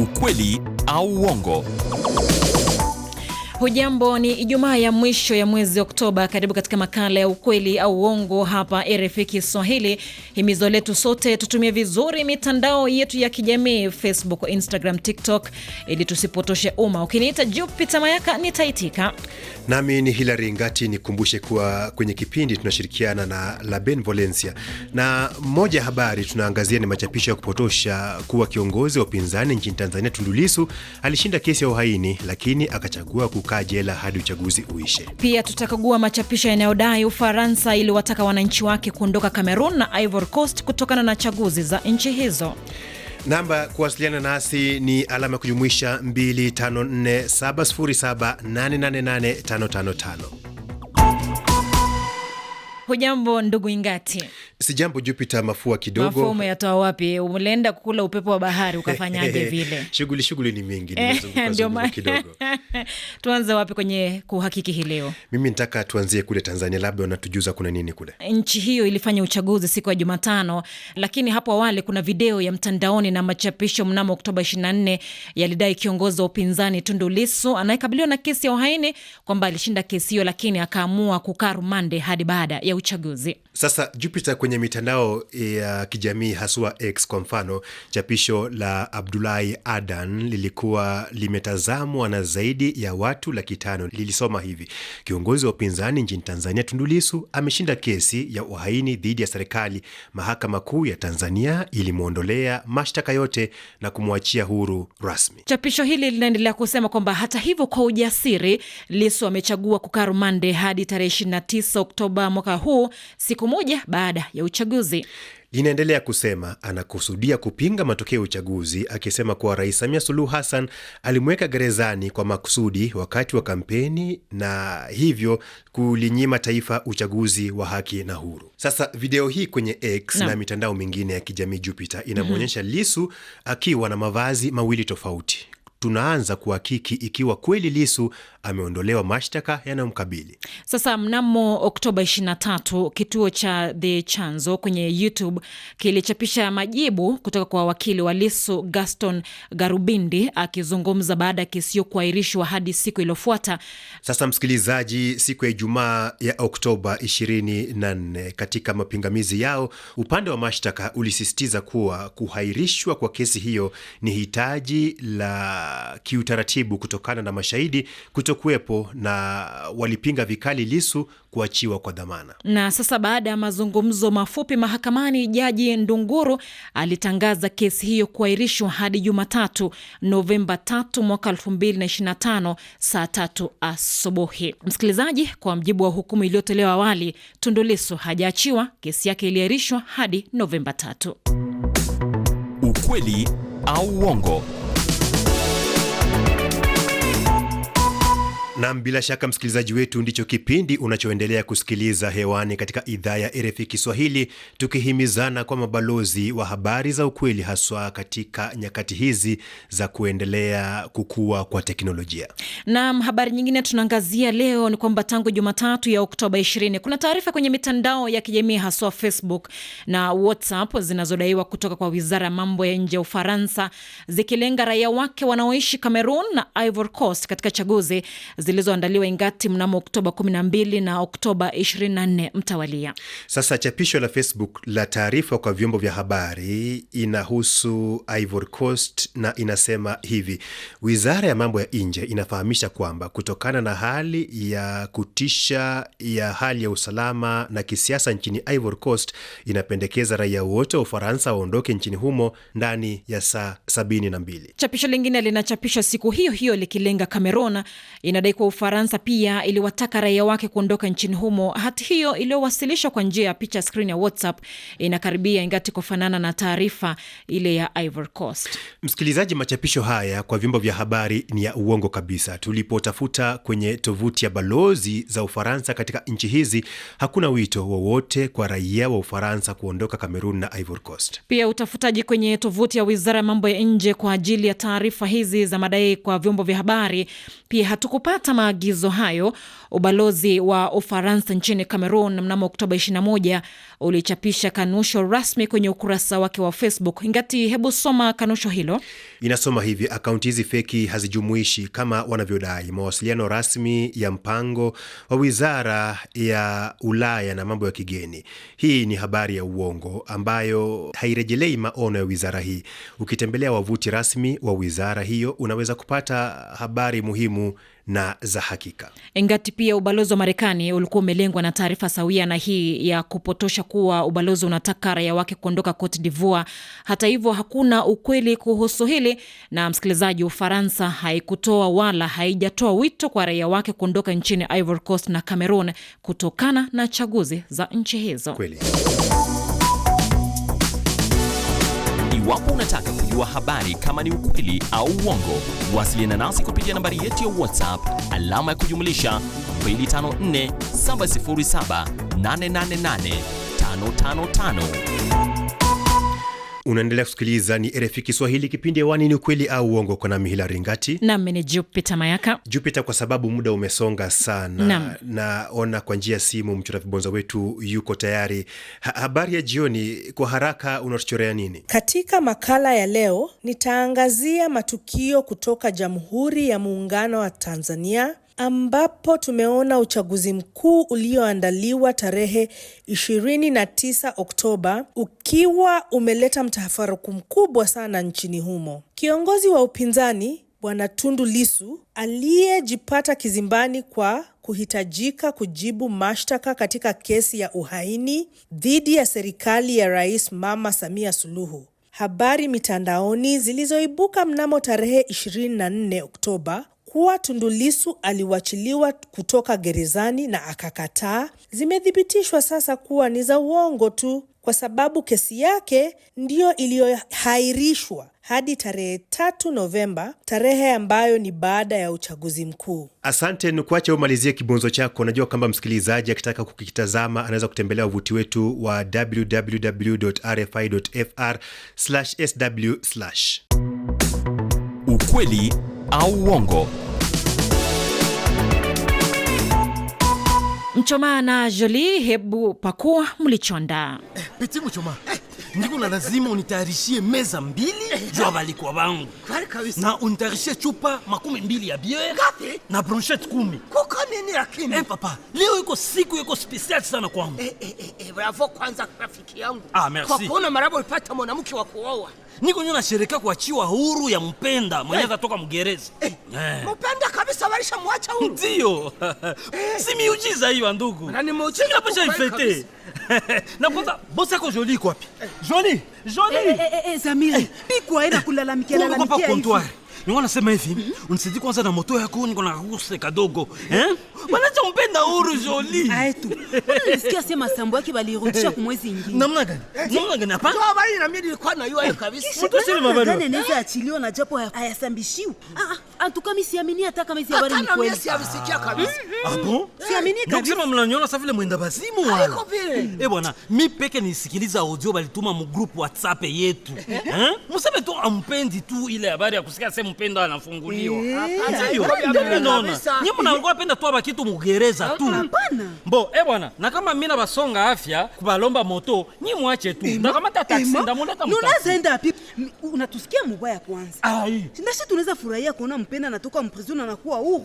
ukweli au uongo. Hujambo, ni Ijumaa ya mwisho ya mwezi Oktoba. Karibu katika makala ya ukweli au uongo hapa RFI Kiswahili. Himizo letu sote tutumie vizuri mitandao yetu ya kijamii Facebook, Instagram, TikTok ili tusipotoshe umma. Ukiniita Jupita Mayaka nitaitika, nami ni Hilary Ngati. Nikumbushe kuwa kwenye kipindi tunashirikiana na Laben Benevolencia, na moja ya habari tunaangazia ni machapisho ya kupotosha kuwa kiongozi wa upinzani nchini Tanzania Tundu Lissu alishinda kesi ya uhaini, lakini akachagua kuka kukaa jela hadi uchaguzi uishe. Pia tutakagua machapisho yanayodai Ufaransa iliwataka wananchi wake kuondoka Cameroon na Ivory Coast kutokana na chaguzi za nchi hizo. Namba kuwasiliana nasi ni alama ya kujumuisha 254707888555. Hujambo ndugu Ingati. Si jambo Jupita, Mafua kidogo. Mafua umeyatoa wapi? Ulienda kukula upepo wa bahari ukafanyaje? Vile shughuli shughuli ni mingi, ndio maana kidogo. Tuanze wapi kwenye kuhakiki hii leo? Mimi nitaka tuanzie kule Tanzania, labda wanatujuza kuna nini kule. Nchi hiyo ilifanya uchaguzi siku ya Jumatano, lakini hapo awali kuna video ya mtandaoni na machapisho mnamo Oktoba 24 yalidai kiongozi wa upinzani Tundu Lissu anayekabiliwa na kesi ya uhaini kwamba alishinda kesi hiyo, lakini akaamua kukaa rumande hadi baada ya uchaguzi. Sasa Jupiter, kwenye mitandao ya kijamii haswa X kwa mfano, chapisho la Abdulahi Adan lilikuwa limetazamwa na zaidi ya watu laki tano. Lilisoma hivi: kiongozi wa upinzani nchini Tanzania tundulisu ameshinda kesi ya uhaini dhidi ya serikali. Mahakama Kuu ya Tanzania ilimwondolea mashtaka yote na kumwachia huru rasmi. Chapisho hili linaendelea kusema kwamba hata hivyo, kwa ujasiri lisu amechagua kukaa rumande hadi tarehe 29 Oktoba mwaka huu mkuu siku moja baada ya uchaguzi. Linaendelea kusema anakusudia kupinga matokeo ya uchaguzi, akisema kuwa Rais Samia Suluhu Hassan alimweka gerezani kwa makusudi wakati wa kampeni na hivyo kulinyima taifa uchaguzi wa haki na huru. Sasa video hii kwenye X na, na mitandao mingine ya kijamii Jupiter inamwonyesha mm -hmm. Lisu akiwa na mavazi mawili tofauti tunaanza kuhakiki ikiwa kweli Lisu ameondolewa mashtaka yanayomkabili. Sasa mnamo Oktoba 23 kituo cha The Chanzo kwenye YouTube kilichapisha majibu kutoka kwa wakili wa Lisu Gaston Garubindi akizungumza baada ya kesi hiyo kuahirishwa hadi siku iliyofuata. Sasa msikilizaji, siku ya Ijumaa ya Oktoba 24 katika mapingamizi yao upande wa mashtaka ulisisitiza kuwa kuhairishwa kwa kesi hiyo ni hitaji la kiutaratibu kutokana na mashahidi kutokuwepo na walipinga vikali Lisu kuachiwa kwa dhamana. Na sasa baada ya mazungumzo mafupi mahakamani, Jaji Ndunguru alitangaza kesi hiyo kuahirishwa hadi Jumatatu Novemba 3 mwaka 2025 saa tatu asubuhi. Msikilizaji, kwa mjibu wa hukumu iliyotolewa awali, Tundu Lisu hajaachiwa, kesi yake iliahirishwa hadi Novemba 3. Ukweli au uongo? Nam, bila shaka msikilizaji wetu, ndicho kipindi unachoendelea kusikiliza hewani katika idhaa ya RFI Kiswahili, tukihimizana kwa mabalozi wa habari za ukweli, haswa katika nyakati hizi za kuendelea kukua kwa teknolojia. Nam, habari nyingine tunaangazia leo ni kwamba tangu Jumatatu ya Oktoba 20 kuna taarifa kwenye mitandao ya kijamii haswa Facebook na WhatsApp zinazodaiwa kutoka kwa wizara ya mambo ya nje ya Ufaransa zikilenga raia wake wanaoishi Cameroon na Ivory Coast katika chaguzi zilizoandaliwa Ingati mnamo Oktoba 12 na Oktoba 24 mtawalia. Sasa chapisho la Facebook la taarifa kwa vyombo vya habari inahusu Ivory Coast na inasema hivi: wizara ya mambo ya nje inafahamisha kwamba kutokana na hali ya kutisha ya hali ya usalama na kisiasa nchini Ivory Coast inapendekeza raia wote wa Ufaransa waondoke nchini humo ndani ya saa 72. Chapisho lingine linachapishwa siku hiyo hiyo likilenga Cameron, inadai kwa Ufaransa pia iliwataka raia wake kuondoka nchini humo. Hati hiyo iliyowasilishwa kwa njia ya picha screen ya WhatsApp inakaribia ingati kufanana na taarifa ile ya Ivory Coast. Msikilizaji, machapisho haya kwa vyombo vya habari ni ya uongo kabisa. Tulipotafuta kwenye tovuti ya balozi za Ufaransa katika nchi hizi, hakuna wito wowote kwa raia wa Ufaransa kuondoka Kamerun na Ivory Coast. Pia utafutaji kwenye tovuti ya wizara ya mambo ya nje kwa ajili ya taarifa hizi za madai kwa vyombo vya habari, pia hatukupata kufuata maagizo hayo, ubalozi wa Ufaransa nchini Cameroon mnamo Oktoba 21 ulichapisha kanusho rasmi kwenye ukurasa wake wa Facebook. Ingati, hebu soma kanusho hilo. Inasoma hivi: akaunti hizi feki hazijumuishi kama wanavyodai mawasiliano rasmi ya mpango wa wizara ya Ulaya na mambo ya kigeni. Hii ni habari ya uongo ambayo hairejelei maono ya wizara hii. Ukitembelea wavuti rasmi wa wizara hiyo unaweza kupata habari muhimu na za hakika. Ngati, pia ubalozi wa Marekani ulikuwa umelengwa na taarifa sawia na hii ya kupotosha kuwa ubalozi unataka raia wake kuondoka Cote d'Ivoire. Hata hivyo, hakuna ukweli kuhusu hili, na msikilizaji, Ufaransa haikutoa wala haijatoa wito kwa raia wake kuondoka nchini Ivory Coast na Cameroon kutokana na chaguzi za nchi hizo kweli. Iwapo unataka kujua habari kama ni ukweli au uongo, wasiliana nasi kupitia nambari yetu ya WhatsApp alama ya kujumlisha 254 707 888 555. Unaendelea kusikiliza ni RFI Kiswahili, kipindi hewani ni ukweli au uongo. Kwa nami Hilari Ngati nami ni Jupita Mayaka. Jupita, kwa sababu muda umesonga sana, naona na kwa njia ya simu mchora vibonzo wetu yuko tayari. Ha, habari ya jioni, kwa haraka unatuchorea nini? Katika makala ya leo nitaangazia matukio kutoka Jamhuri ya Muungano wa Tanzania ambapo tumeona uchaguzi mkuu ulioandaliwa tarehe 29 Oktoba ukiwa umeleta mtafaruku mkubwa sana nchini humo. Kiongozi wa upinzani Bwana Tundu lisu aliyejipata kizimbani kwa kuhitajika kujibu mashtaka katika kesi ya uhaini dhidi ya serikali ya Rais Mama Samia Suluhu. Habari mitandaoni zilizoibuka mnamo tarehe 24 Oktoba kuwa Tundulisu aliwachiliwa kutoka gerezani na akakataa zimethibitishwa sasa kuwa ni za uongo tu, kwa sababu kesi yake ndiyo iliyohairishwa hadi tarehe tatu Novemba, tarehe ambayo ni baada ya uchaguzi mkuu. Asante, nikuache umalizie kibonzo chako. unajua kwamba msikilizaji akitaka kukitazama anaweza kutembelea wavuti wetu wa www.rfi.fr/sw. Ukweli au uongo. Mchomaa na Jolie, hebu pakua mlichonda. Eh, piti eh ndiko na lazima unitayarishie meza mbili juu ya balikuwa bangu na unitayarishie chupa makumi mbili ya biere na bronchette kumi. Kuko nini lakini? Eh, papa, leo iko siku iko special sana kwangu. Eh, eh, eh, eh bravo kwanza rafiki yangu. Ah, merci. Kwa kuona marabu ipata mwanamke wa kuoa. Niko nyona sherekea kuachiwa huru ya mpenda mwenyeza hey, kutoka Mgereza. Eh. Hey. Eh, eh. Mpenda kabisa walishamwacha huru. Ndio. Eh. Si miujiza hiyo ndugu. Na ni muujiza. Hapo jaifete. Na kwanza bosi yako Jolie iko wapi? Eh. Jolie, Jolie. Eh, eh, eh, eh Zamiri. Piko aenda kulalamikia lalamikia hivi. Niko nasema hivi, unisaidie mm-hmm. kwanza na moto yako, niko na ruhusa kadogo. Eh? Wanacha mpenda huru Jolie. Ah, tu. Nilisikia sema sambo yake balirudisha kwa mwezi ingine. Namna gani? Namna gani hapa? Kwa bali na mimi nilikuwa na yeye kabisa. Mtu sio mabado. Ndio, ndio achiliwa na japo hayasambishiwi. Ah ah. Antukami siamini hata kama hizi habari ni kweli. Hata mimi siamsikia ah, kabisa. Mm-hmm. Ah bon? Siamini kabisa. Ndio kusema mnaniona sasa vile mwenda bazimu ah, wala. Haiko vile. Eh bwana, mi peke nisikiliza audio balituma mu group WhatsApp yetu. Hein? Eh? Eh? Mseme tu ampendi tu ile habari ya kusikia sema mpendo anafunguliwa. Eh, ah, hapana. Hiyo. Nyinyi mnaogopa penda tu hapa kitu mugereza tu. Hapana. Mbo, eh bwana, na kama mimi na basonga afya kubalomba moto, nyinyi mwache tu. Na kama ta taxi ndamuleta mtaxi. Unaenda wapi? Unatusikia mbaya kwanza. Ai. Sisi tunaweza furahia kuona mpena anatoka mprison na anakuwa huru.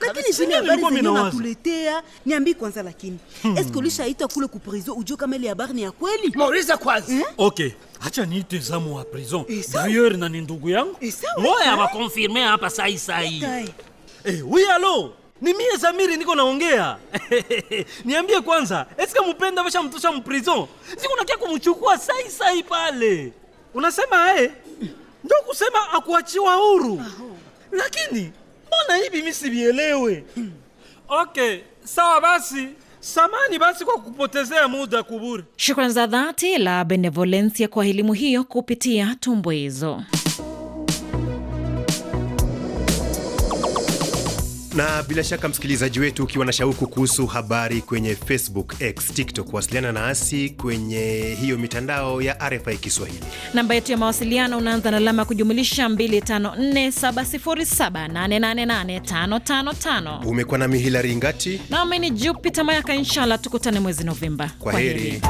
Lakini zile habari zenye nakuletea niambi kwanza, lakini hmm. eske aita kule ku prison ujue kama ile habari ni ya kweli? Mauliza kwanza. Eh? Okay. Acha niite zamu wa prison. D'ailleurs eh, na ni ndugu yangu. Moya eh, ba confirmer hapa sai sai. Eh, oui allo. Ni mie Zamiri niko naongea. Niambie kwanza, eske mupenda basha mtosha mprison? Siko nakia kumchukua sai sai pale. Unasema eh? Ndio kusema akuachiwa huru. uh-huh lakini mbona hivi mimi sivielewe. Hmm. Okay, sawa basi. Samani basi kwa kupotezea muda kuburi. Shukrani za dhati la Benevolencia kwa elimu hiyo kupitia tumbo hizo. na bila shaka msikilizaji wetu, ukiwa na shauku kuhusu habari kwenye Facebook, X, TikTok, wasiliana nasi kwenye hiyo mitandao ya RFI Kiswahili. Namba yetu ya mawasiliano unaanza na alama ya kujumulisha 254707888555. Umekuwa na Hilari Ngati nami ni Jupita Mayaka. Inshallah tukutane mwezi Novemba. Kwa heri.